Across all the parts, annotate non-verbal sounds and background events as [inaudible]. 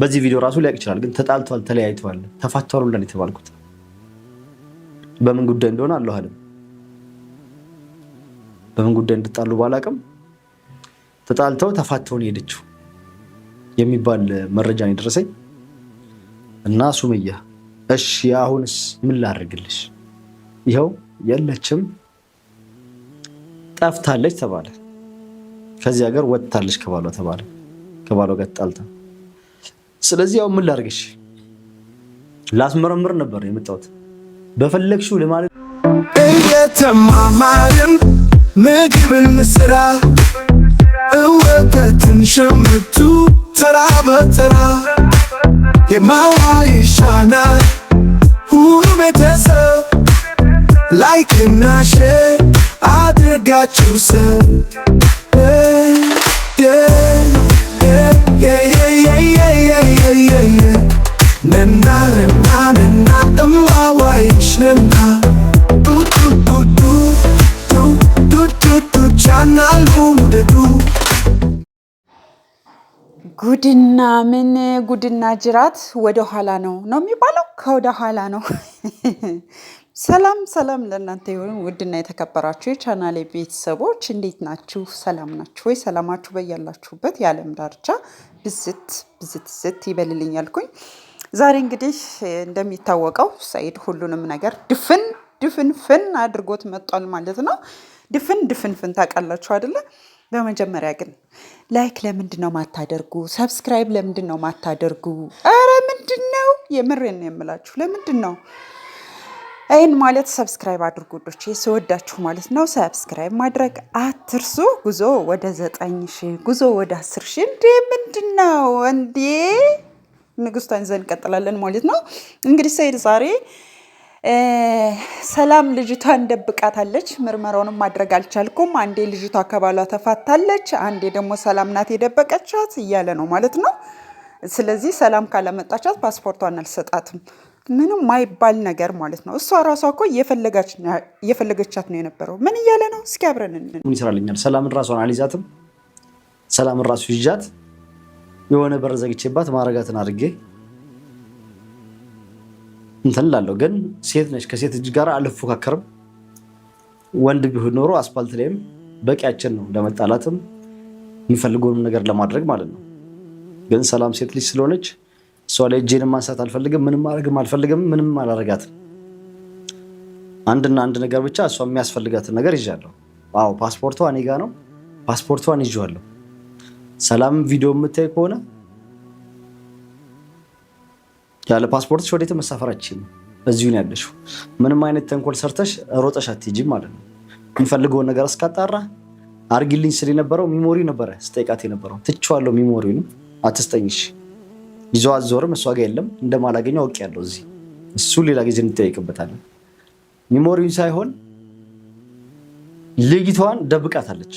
በዚህ ቪዲዮ ራሱ ሊያቅ ይችላል። ግን ተጣልቷል፣ ተለያይተዋል፣ ተፋተሩለን የተባልኩት በምን ጉዳይ እንደሆነ አለሁ በምን ጉዳይ እንድጣሉ ባላቅም ተጣልተው ተፋተውን ሄደችው የሚባል መረጃ ነው የደረሰኝ። እና ሱምያ እሺ አሁንስ ምን ላደርግልሽ? ይኸው የለችም ጠፍታለች ተባለ። ከዚህ ሀገር ወጥታለች ከባሏ ተባለ። ከባሏ ጋር ተጣልታ ስለዚህ ያው ምን ላድርግሽ? ላስመረምር ነበር የመጣሁት። በፈለግሽው ለማለት እየተማማርን ምግብን ስራ እወተትን ሸምቱ ተራ በተራ የማዋ ይሻናል ሁሉ ቤተሰብ ላይክና ሼር አድርጋችሁ ሰብ Nena, ጉድና ምን ጉድና ጅራት ወደ ኋላ ነው ነው የሚባለው፣ ከወደ ኋላ ነው። ሰላም ሰላም ለእናንተ የሆኑ ውድና የተከበራችሁ የቻናሌ ቤተሰቦች እንዴት ናችሁ? ሰላም ናችሁ ወይ? ሰላማችሁ በያላችሁበት የዓለም ዳርቻ ብዝት ብዝት ብዝት ይበልልኝ አልኩኝ። ዛሬ እንግዲህ እንደሚታወቀው ሰኢድ ሁሉንም ነገር ድፍን ድፍን ፍን አድርጎት መጧል ማለት ነው። ድፍን ድፍን ፍን ታውቃላችሁ አይደለ? በመጀመሪያ ግን ላይክ ለምንድን ነው ማታደርጉ? ሰብስክራይብ ለምንድን ነው ማታደርጉ? አረ ምንድን ነው የምሬን ነው የምላችሁ። ለምንድን ነው ይህን ማለት ሰብስክራይብ አድርጉ ዶች ስወዳችሁ ማለት ነው። ሰብስክራይብ ማድረግ አትርሱ። ጉዞ ወደ ዘጠኝ ሺህ ጉዞ ወደ አስር ሺህ እንዴ! ምንድን ነው እንዴ? ንግስቷን ይዘን እንቀጥላለን ማለት ነው። እንግዲህ ሰይድ ዛሬ ሰላም ልጅቷን ደብቃታለች። ምርመራውንም ማድረግ አልቻልኩም። አንዴ ልጅቷ ከባሏ ተፋታለች፣ አንዴ ደግሞ ሰላም ናት የደበቀቻት እያለ ነው ማለት ነው። ስለዚህ ሰላም ካለመጣቻት ፓስፖርቷን አልሰጣትም። ምንም ማይባል ነገር ማለት ነው። እሷ ራሷ እኮ እየፈለገቻት ነው የነበረው። ምን እያለ ነው? እስኪ አብረን ምን ይሰራልኛል። ሰላምን ራሷን አልይዛትም። ሰላምን ራሱ ይዣት የሆነ በር ዘግቼባት ማረጋትን አድርጌ እንትን ላለሁ። ግን ሴት ነች፣ ከሴት እጅ ጋር አልፎካከርም። ወንድ ቢሆን ኖሮ አስፋልት ላይም በቂያችን ነው፣ ለመጣላትም የሚፈልገውን ነገር ለማድረግ ማለት ነው። ግን ሰላም ሴት ልጅ ስለሆነች እሷ ላይ እጄንም ማንሳት አልፈልግም፣ ምንም ማድረግም አልፈልግም፣ ምንም አላረጋትም። አንድና አንድ ነገር ብቻ እሷ የሚያስፈልጋትን ነገር ይዣለሁ። አዎ ፓስፖርቷ እኔ ጋ ነው። ፓስፖርቷን ይዤዋለሁ። ሰላም ቪዲዮ የምታይ ከሆነ ያለ ፓስፖርት ወዴትም መሳፈር እዚሁ ነው ያለሽው። ምንም አይነት ተንኮል ሰርተሽ ሮጠሽ አትሄጂም ማለት ነው። የምፈልገውን ነገር እስካጣራ አርጊልኝ ስል የነበረው ሚሞሪ ነበረ ስጠይቃት የነበረው ትቼዋለሁ። ሚሞሪውንም አትስጠኝሽ ይዞ አዞርም እሷ ጋ የለም እንደማላገኘው ያለው እዚህ እሱ ሌላ ጊዜ እንጠያይቅበታለን። ሚሞሪውን ሳይሆን ልጅቷን ደብቃታለች።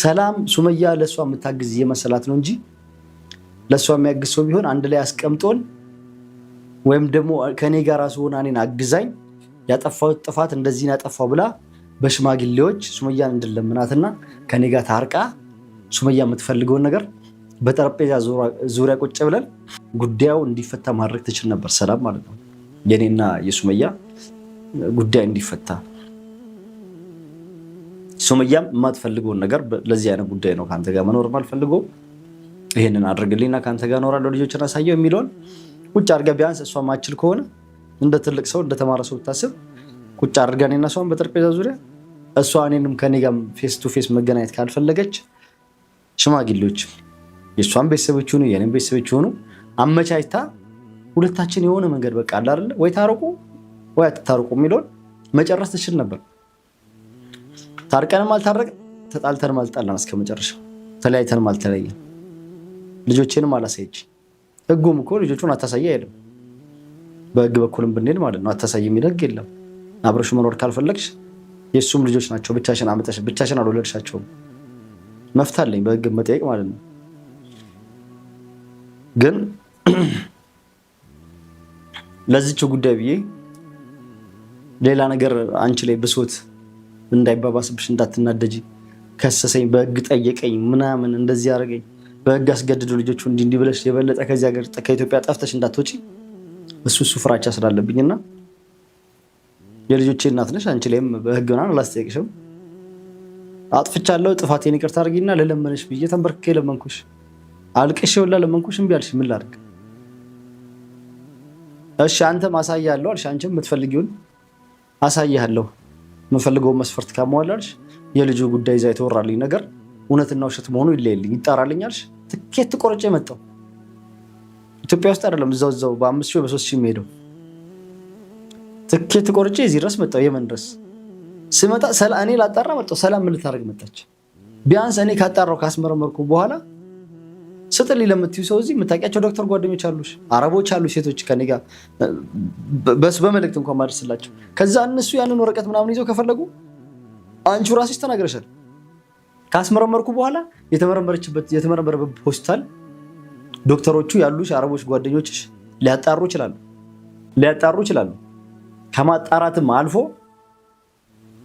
ሰላም ሱመያ ለእሷ የምታግዝ የመሰላት ነው እንጂ ለእሷ የሚያግዝ ሰው ቢሆን አንድ ላይ አስቀምጦን ወይም ደግሞ ከእኔ ጋር ራሱ ሆና እኔን አግዛኝ ያጠፋሁት ጥፋት እንደዚህ ያጠፋው ብላ በሽማግሌዎች ሱመያን እንድለምናትና ከኔ ጋር ታርቃ ሱመያ የምትፈልገውን ነገር በጠረጴዛ ዙሪያ ቁጭ ብለን ጉዳዩ እንዲፈታ ማድረግ ትችል ነበር። ሰላም ማለት ነው የእኔና የሱመያ ጉዳይ እንዲፈታ ሱመያም የማትፈልገውን ነገር ለዚህ አይነት ጉዳይ ነው ከአንተ ጋር መኖር ማልፈልጎ ይህንን አድርግልኝና ከአንተ ጋር እኖራለሁ ልጆችን አሳየው የሚለውን ቁጭ አድርገህ ቢያንስ እሷ ማችል ከሆነ እንደ ትልቅ ሰው እንደተማረ ሰው ብታስብ ቁጭ አድርጋ እኔና እሷን በጠረጴዛ ዙሪያ እሷ እኔንም ከኔ ጋር ፌስ ቱ ፌስ መገናኘት ካልፈለገች ሽማግሌዎች የእሷን ቤተሰቦች ሆኑ የኔም ቤተሰቦች ሆኑ አመቻችታ ሁለታችን የሆነ መንገድ በቃ አለ ወይ ታርቁ ወይ አትታርቁ የሚለውን መጨረስ ትችል ነበር። ታርቀንም አልታረቅን፣ ተጣልተንም አልጣላን፣ እስከ መጨረሻው ተለያይተንም አልተለየን። ልጆቼንም አላሳየች። ህጉም እኮ ልጆቹን አታሳይ አይልም። በህግ በኩልም ብንሄድ ማለት ነው አታሳይ የሚል ህግ የለም። አብረሹ መኖር ካልፈለግሽ የእሱም ልጆች ናቸው። ብቻሽን አመጠሽ ብቻሽን አልወለድሻቸውም። መፍት አለኝ በህግ መጠየቅ ማለት ነው። ግን [clears throat] ለዚችው ጉዳይ ብዬ ሌላ ነገር አንቺ ላይ ብሶት እንዳይባባስብሽ እንዳትናደጂ፣ ከሰሰኝ፣ በህግ ጠየቀኝ ምናምን እንደዚህ አደረገኝ፣ በህግ አስገድዱ ልጆቹ እንዲህ እንዲህ ብለሽ የበለጠ ከዚህ ሀገር ከኢትዮጵያ ጠፍተሽ እንዳትወጪ እሱ እሱ ፍራቻ እና የልጆቼ እናት ነሽ አንቺ ላይም በህግ ምናምን አላስጠየቅሽም። አጥፍቻለሁ፣ ጥፋቴን ይቅርታ አድርጊና ለለመነሽ ብዬ ተንበርክ ለመንኩሽ፣ አልቅሽ ወላ ለመንኩሽ፣ እምቢ አልሽ። ምን ላድርግ? እሺ አንተ ማሳያ አለው አልሽ። አንቺም የምትፈልጊውን አሳያለሁ የምፈልገውን መስፈርት ካሟላልሽ የልጁ ጉዳይ እዛ የተወራልኝ ነገር እውነትና ውሸት መሆኑ ይለየልኝ ይጣራልኛልሽ ትኬት ቆርጬ የመጣው ኢትዮጵያ ውስጥ አይደለም እዛው እዛው በአምስት ሺህ በሶስት ሺህ የሚሄደው ትኬት ቆርጬ እዚህ ድረስ መጣው የመን ድረስ ስመጣ እኔ ላጣራ መጣው ሰላም ምን ልታደርግ መጣች? ቢያንስ እኔ ካጣራው ካስመረመርኩ በኋላ ስጥልኝ ለምትዩ ሰው እዚህ የምታውቂያቸው ዶክተር ጓደኞች አሉ፣ አረቦች አሉ፣ ሴቶች ከኔ ጋር በሱ በመልእክት እንኳን ማደርስላቸው ከዛ እነሱ ያንን ወረቀት ምናምን ይዘው ከፈለጉ አንቺ ራስሽ ተናግረሻል። ካስመረመርኩ በኋላ የተመረመረበት ሆስፒታል ዶክተሮቹ ያሉሽ አረቦች ጓደኞችሽ ሊያጣሩ ይችላሉ ሊያጣሩ ይችላሉ። ከማጣራትም አልፎ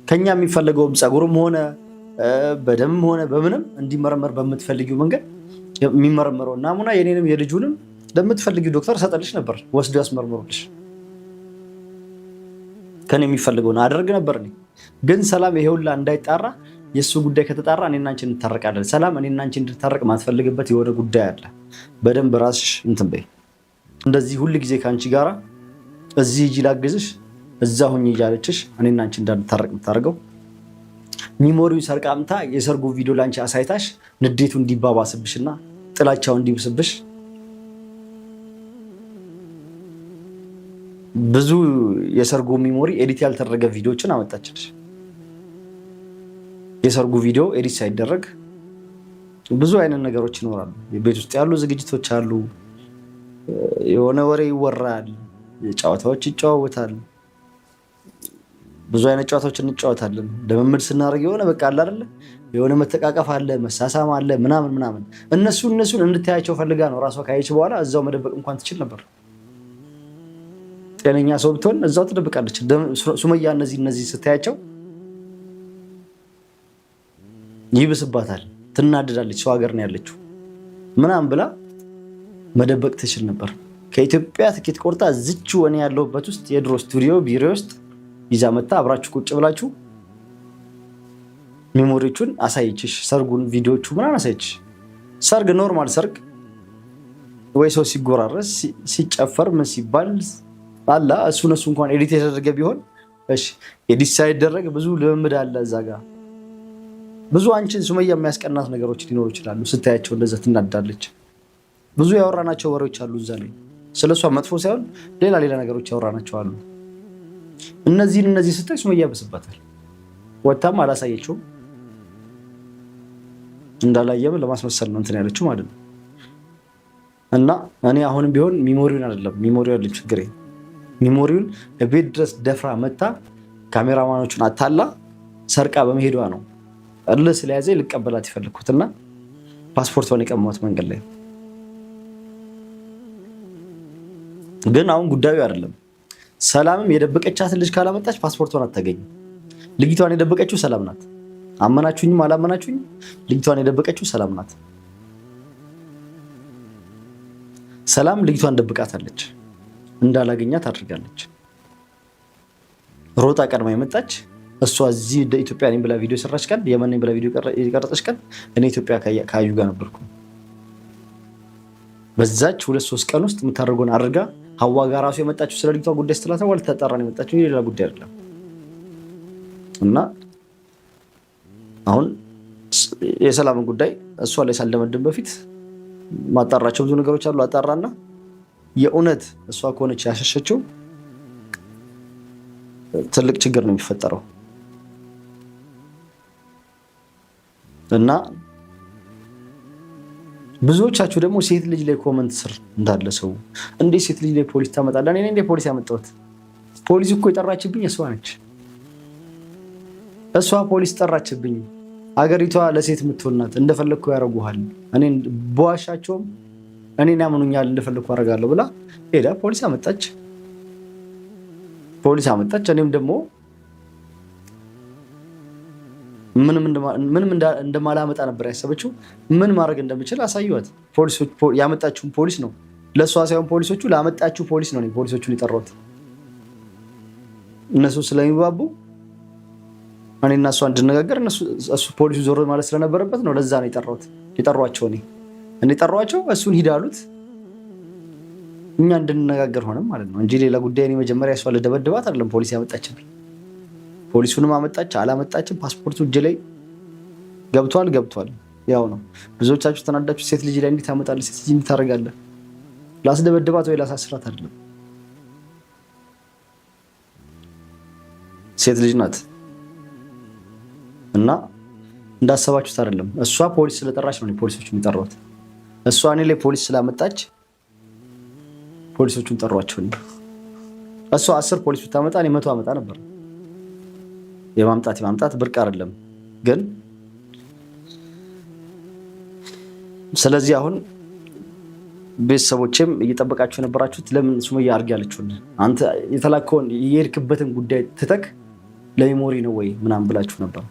ከኛ የሚፈለገውም ፀጉርም ሆነ በደምም ሆነ በምንም እንዲመረመር በምትፈልጊው መንገድ የሚመረመረው ናሙና የኔንም የልጁንም ለምትፈልጊው ዶክተር ሰጠልሽ ነበር ወስዶ ያስመርምሩልሽ። ከኔ የሚፈልገውን አደርግ ነበር እኔ ግን ሰላም ይሄ እንዳይጣራ የእሱ ጉዳይ ከተጣራ እኔና አንቺ እንታረቃለን። ሰላም እኔና አንቺ እንድታረቅ ማትፈልግበት የሆነ ጉዳይ አለ። በደንብ ራስሽ እንትን በይ። እንደዚህ ሁል ጊዜ ከአንቺ ጋራ እዚህ እጅ ላግዝሽ፣ እዛ ሁኝ እያለችሽ እኔና አንቺ እንዳንታረቅ የምታደርገው ሚሞሪው ሰርቃምታ የሰርጉ ቪዲዮ ላንቺ አሳይታሽ ንዴቱ ና ጥላቻው እንዲብስብሽ ብዙ የሰርጉ ሚሞሪ ኤዲት ያልተደረገ ቪዲዮችን አመጣችልሽ። የሰርጉ ቪዲዮ ኤዲት ሳይደረግ ብዙ አይነት ነገሮች ይኖራሉ። ቤት ውስጥ ያሉ ዝግጅቶች አሉ። የሆነ ወሬ ይወራል፣ ጨዋታዎች ይጨዋወታል። ብዙ አይነት ጨዋታዎች እንጫወታለን። ልምምድ ስናደርግ የሆነ በቃ አለ አይደለ የሆነ መተቃቀፍ አለ፣ መሳሳም አለ ምናምን ምናምን። እነሱ እነሱን እንድታያቸው ፈልጋ ነው። ራሷ ካየች በኋላ እዛው መደበቅ እንኳን ትችል ነበር። ጤነኛ ሰው ብትሆን እዛው ትደብቃለች። ሱመያ እነዚህ እነዚህ ስታያቸው ይብስባታል፣ ትናደዳለች። ሰው ሀገር ነው ያለችው ምናምን ብላ መደበቅ ትችል ነበር። ከኢትዮጵያ ትኬት ቆርጣ ዝች ወኔ ያለሁበት ውስጥ የድሮ ስቱዲዮ ቢሮ ውስጥ ይዛ መጣ። አብራችሁ ቁጭ ብላችሁ ሜሞሪዎቹን አሳይችሽ ሰርጉን፣ ቪዲዮቹ ምናምን አሳየችሽ። ሰርግ ኖርማል ሰርግ ወይ ሰው ሲጎራረስ ሲጨፈር ምን ሲባል አላ እሱ ነሱ እንኳን ኤዲት የተደረገ ቢሆን ኤዲት ሳይደረግ ብዙ ልምምድ አለ እዛ ጋ ብዙ አንቺን ሱመያ የሚያስቀናት ነገሮች ሊኖሩ ይችላሉ። ስታያቸው እንደዛ ትናዳለች። ብዙ ያወራናቸው ወሬዎች አሉ እዛ ላይ ስለሷ መጥፎ ሳይሆን ሌላ ሌላ ነገሮች ያወራናቸው አሉ። እነዚህን እነዚህ ስታይ ሱመያ ያብስባታል። ወታም አላሳየችውም እንዳላየም ለማስመሰል ነው እንትን ያለችው ማለት ነው። እና እኔ አሁንም ቢሆን ሚሞሪውን አይደለም ሚሞሪ ያለ ችግር ሚሞሪውን ቤት ድረስ ደፍራ መታ ካሜራማኖቹን አታላ ሰርቃ በመሄዷ ነው እል ስለያዘ ልቀበላት የፈለግኩት እና ፓስፖርቷን የቀማት መንገድ ላይ ግን አሁን ጉዳዩ አይደለም። ሰላምም የደበቀቻትን ልጅ ካላመጣች ፓስፖርቷን አታገኝም። ልጅቷን የደበቀችው ሰላም ናት። አመናችሁኝም አላመናችሁኝ፣ ልጅቷን የደበቀችው ሰላም ናት። ሰላም ልጅቷን ደብቃታለች፣ እንዳላገኛት አድርጋለች። ሮጣ ቀድማ የመጣች እሷ እዚህ ኢትዮጵያ ነኝ ብላ ቪዲዮ የሰራች ቀን፣ የመን ነኝ ብላ ቪዲዮ የቀረጸች ቀን እኔ ኢትዮጵያ ከአዩ ጋር ነበርኩ። በዛች ሁለት ሶስት ቀን ውስጥ የምታደርገውን አድርጋ ሀዋ ጋር ራሱ የመጣችው ስለ ልጅቷ ጉዳይ ስትላት ነው። ተጠራ ነው የመጣችው፣ ሌላ ጉዳይ አይደለም። እና አሁን የሰላምን ጉዳይ እሷ ላይ ሳልደመድም በፊት ማጣራቸው ብዙ ነገሮች አሉ። አጣራና የእውነት እሷ ከሆነች ያሸሸችው ትልቅ ችግር ነው የሚፈጠረው እና ብዙዎቻችሁ ደግሞ ሴት ልጅ ላይ ኮመንት ስር እንዳለ ሰው እንዴ ሴት ልጅ ላይ ፖሊስ ታመጣለ? እኔ እንዴ ፖሊስ ያመጣሁት? ፖሊስ እኮ የጠራችብኝ እሷ ነች። እሷ ፖሊስ ጠራችብኝ። አገሪቷ ለሴት የምትሆናት እንደፈለግኩ ያደርጉሃል፣ እኔ በዋሻቸውም እኔን ያምኑኛል፣ እንደፈለግኩ አደርጋለሁ ብላ ሄዳ ፖሊስ አመጣች። ፖሊስ አመጣች። እኔም ደግሞ ምንም እንደማላመጣ ነበር ያሰበችው። ምን ማድረግ እንደምችል አሳዩት። ያመጣችሁን ፖሊስ ነው ለእሷ ሳይሆን ፖሊሶቹ ላመጣችሁ ፖሊስ ነው ፖሊሶቹን የጠራሁት። እነሱ ስለሚባቡ እኔ እና እሷ እንድነጋገር ፖሊሱ ዞር ማለት ስለነበረበት ነው። ለዛ ነው የጠራሁት የጠሯቸው እኔ እኔ የጠሯቸው እሱን ሂድ አሉት። እኛ እንድንነጋገር ሆነም ማለት ነው እንጂ ሌላ ጉዳይ እኔ መጀመሪያ እሷ ልደበድባት አይደለም ፖሊስ ያመጣችብኝ። ፖሊሱንም አመጣች አላመጣችም፣ ፓስፖርቱ እጅ ላይ ገብቷል ገብቷል። ያው ነው። ብዙዎቻችሁ ተናዳችሁ ሴት ልጅ ላይ እንዴት ታመጣለህ? ሴት ልጅ እንዴት ታደርጋለህ? ላስደበድባት ወይ ላሳስራት አይደለም። ሴት ልጅ ናት እና እንዳሰባችሁት አይደለም። እሷ ፖሊስ ስለጠራች ነው ፖሊሶች የሚጠሯት። እሷ እኔ ላይ ፖሊስ ስላመጣች ፖሊሶቹን ጠሯቸው። እሷ አስር ፖሊስ ብታመጣ እኔ መቶ አመጣ ነበር። የማምጣት የማምጣት ብርቅ አይደለም። ግን ስለዚህ አሁን ቤተሰቦችም እየጠበቃችሁ የነበራችሁት ለምን ሱመያ አድርግ ያለችሁን አንተ የተላከውን የሄድክበትን ጉዳይ ትተክ ለሜሞሪ ነው ወይ ምናምን ብላችሁ ነበር።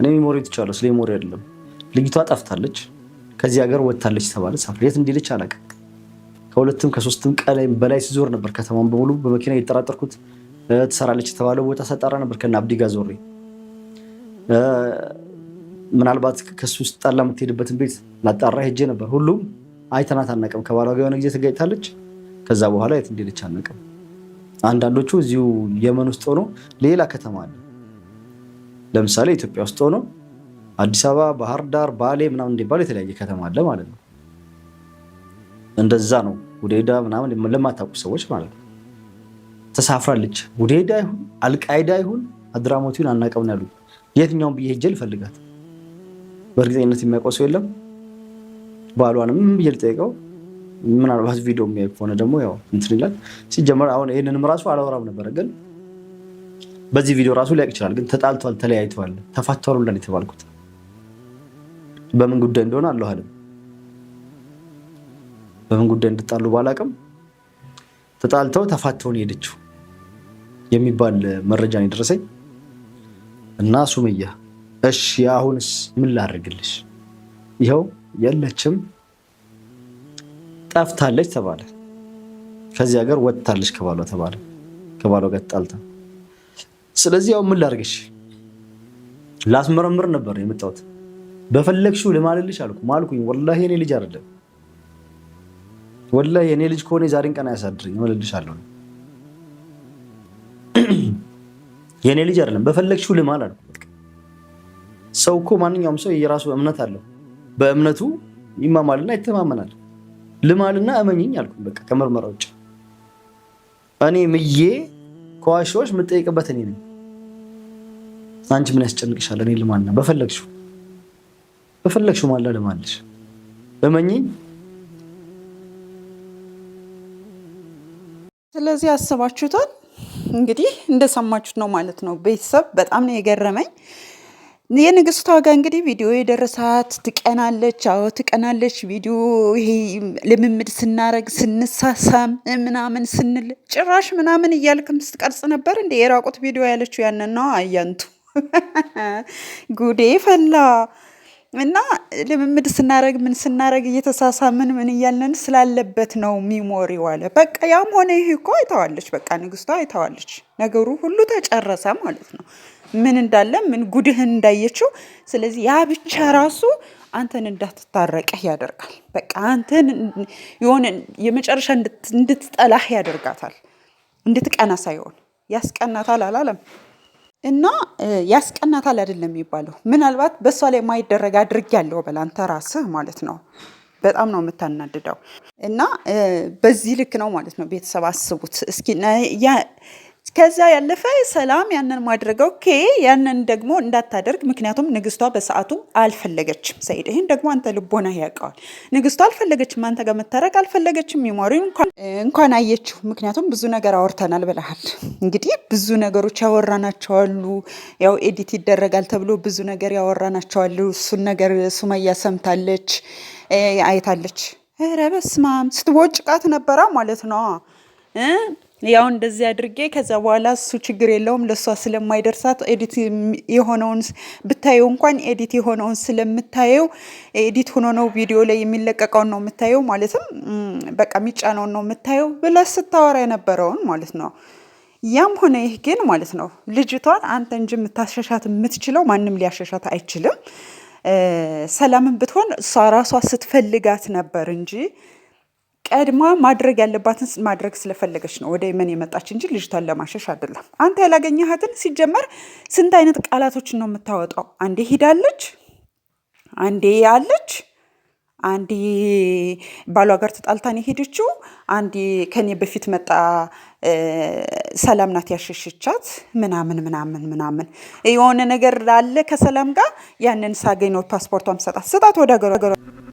እኔ ሜሞሪ ትቻለሁ፣ ስለ ሜሞሪ አይደለም። ልጅቷ ጠፍታለች፣ ከዚህ ሀገር ወጥታለች ተባለ። የት እንዲለች አላውቅም። ከሁለትም ከሶስትም ቀን በላይ ሲዞር ነበር ከተማን በሙሉ በመኪና እየተጠራጠርኩት ትሰራለች የተባለው ቦታ ሰጣራ ነበር ከነ አብዲ ዞሬ ምናልባት ከሱ ስጣላ የምትሄድበትን ቤት ላጣራ ሄጄ ነበር። ሁሉም አይተናት አናውቅም። ከባሏ ጋር የሆነ ጊዜ ተጋጭታለች። ከዛ በኋላ የት እንደሄደች አናውቅም። አንዳንዶቹ እዚሁ የመን ውስጥ ሆኖ ሌላ ከተማ አለ። ለምሳሌ ኢትዮጵያ ውስጥ ሆኖ አዲስ አበባ፣ ባህር ዳር፣ ባሌ ምናምን እንዲባል የተለያየ ከተማ አለ ማለት ነው። እንደዛ ነው። ወደ ምናምን ለማታውቁ ሰዎች ማለት ነው። ተሳፍራለች። ቡድሄዳ ይሁን አልቃይዳ ይሁን አድራሞቲውን አናቀምን ያሉ የትኛውን ብዬ ሄጄ ልፈልጋት? በእርግጠኝነት የሚያውቀው ሰው የለም። ባሏንም ብዬ ልጠይቀው ምናልባት ቪዲዮ የሚያይ ከሆነ ደግሞ ያው እንትን ይላል። ሲጀመር አሁን ይህንንም ራሱ አላወራም ነበረ፣ ግን በዚህ ቪዲዮ ራሱ ሊያውቅ ይችላል። ግን ተጣልተዋል፣ ተለያይተዋል፣ ተፋተዋል እንዳል የተባልኩት በምን ጉዳይ እንደሆነ አለሁ በምን ጉዳይ እንድጣሉ ባላቅም ተጣልተው ተፋተውን ሄደችው። የሚባል መረጃ ነው የደረሰኝ። እና ሱምያ እሺ አሁንስ ምን ላደርግልሽ ይኸው የለችም ጠፍታለች ተባለ። ከዚህ ሀገር ወጥታለች ከባሏ ተባለ። ከባሏ ጋር ተጣልታ፣ ስለዚህ ያው ምን ላድርግሽ? ላስመረምር ነበር የመጣሁት። በፈለግሽው ልማልልሽ አልኩ ማልኩኝ። ወላሂ የኔ ልጅ አይደለም ወላሂ የኔ ልጅ ከሆነ የዛሬን ቀን አያሳድረኝ እምልልሻለሁ። የእኔ ልጅ አይደለም በፈለግሽው ልማል አልኩ። ሰው እኮ ማንኛውም ሰው የራሱ እምነት አለው። በእምነቱ ይማማልና ይተማመናል። ልማልና እመኝኝ አልኩ። በቃ ከምርመራ ውጭ እኔ ምዬ ከዋሻዎች የምጠይቅበት እኔ ነኝ። አንቺ ምን ያስጨንቅሻል? እኔ ልማልና በፈለግሽው በፈለግሽው ማለ ልማልሽ እመኝኝ። ስለዚህ አስባችሁታል እንግዲህ እንደሰማችሁት ነው ማለት ነው። ቤተሰብ በጣም ነው የገረመኝ። የንግስቷ ጋር እንግዲህ ቪዲዮ የደረሳት ትቀናለች። አዎ ትቀናለች። ቪዲዮ ይሄ ልምምድ ስናረግ ስንሳሳም ምናምን ስንል ጭራሽ ምናምን እያልክም ስትቀርጽ ነበር እንደ የራቁት ቪዲዮ ያለችው ያንን ነው አያንቱ [laughs] ጉዴ ፈላ። እና ልምምድ ስናረግ ምን ስናረግ እየተሳሳ ምን ምን እያለን ስላለበት ነው ሚሞሪው አለ። በቃ ያም ሆነ ይህ እኮ አይተዋለች፣ በቃ ንግስቷ አይተዋለች። ነገሩ ሁሉ ተጨረሰ ማለት ነው። ምን እንዳለ ምን ጉድህን እንዳየችው። ስለዚህ ያ ብቻ ራሱ አንተን እንዳትታረቅህ ያደርጋል። በቃ አንተን የሆነ የመጨረሻ እንድትጠላህ ያደርጋታል። እንድትቀና ሳይሆን ያስቀናታል አላለም። እና ያስቀናታል አይደለም የሚባለው። ምናልባት በእሷ ላይ ማይደረግ አድርግ ያለው በላንተ ራስህ ማለት ነው። በጣም ነው የምታናድደው። እና በዚህ ልክ ነው ማለት ነው። ቤተሰብ አስቡት እስኪ ከዚያ ያለፈ ሰላም ያንን ማድረግ ኦኬ፣ ያንን ደግሞ እንዳታደርግ። ምክንያቱም ንግስቷ በሰዓቱ አልፈለገችም። ሰይድ ይህን ደግሞ አንተ ልቦና ያውቀዋል። ንግስቷ አልፈለገችም፣ አንተ ጋር መታረቅ አልፈለገችም። ሚሞሪ እንኳን አየችው። ምክንያቱም ብዙ ነገር አወርተናል ብለሃል። እንግዲህ ብዙ ነገሮች ያወራናቸው አሉ። ያው ኤዲት ይደረጋል ተብሎ ብዙ ነገር ያወራናቸው አሉ። እሱን ነገር ሱመያ ሰምታለች፣ አይታለች። ኧረ በስመ አብ ስትቦጭቃት ነበራ ማለት ነው። ያው እንደዚህ አድርጌ ከዛ በኋላ እሱ ችግር የለውም ለእሷ ስለማይደርሳት ኤዲት የሆነውን ብታየው እንኳን ኤዲት የሆነውን ስለምታየው ኤዲት ሆኖ ነው ቪዲዮ ላይ የሚለቀቀውን ነው የምታየው፣ ማለትም በቃ የሚጫነውን ነው የምታየው ብለ ስታወራ የነበረውን ማለት ነው። ያም ሆነ ይህ ግን ማለት ነው ልጅቷን አንተ እንጂ የምታሸሻት የምትችለው ማንም ሊያሸሻት አይችልም። ሰላምን ብትሆን እሷ ራሷ ስትፈልጋት ነበር እንጂ ቀድማ ማድረግ ያለባትን ማድረግ ስለፈለገች ነው ወደ የመን የመጣች እንጂ ልጅቷን ለማሸሽ አይደለም። አንተ ያላገኘሃትን ሲጀመር ስንት አይነት ቃላቶችን ነው የምታወጣው? አንዴ ሄዳለች አንዴ አለች፣ አንዴ ባሏ ጋር ተጣልታን የሄደችው፣ አንዴ ከኔ በፊት መጣ ሰላም ናት ያሸሸቻት ምናምን ምናምን ምናምን የሆነ ነገር ላለ ከሰላም ጋር ያንን ሳገኝ ነው ፓስፖርቷም ሰጣት ስጣት ወደ ሀገሯ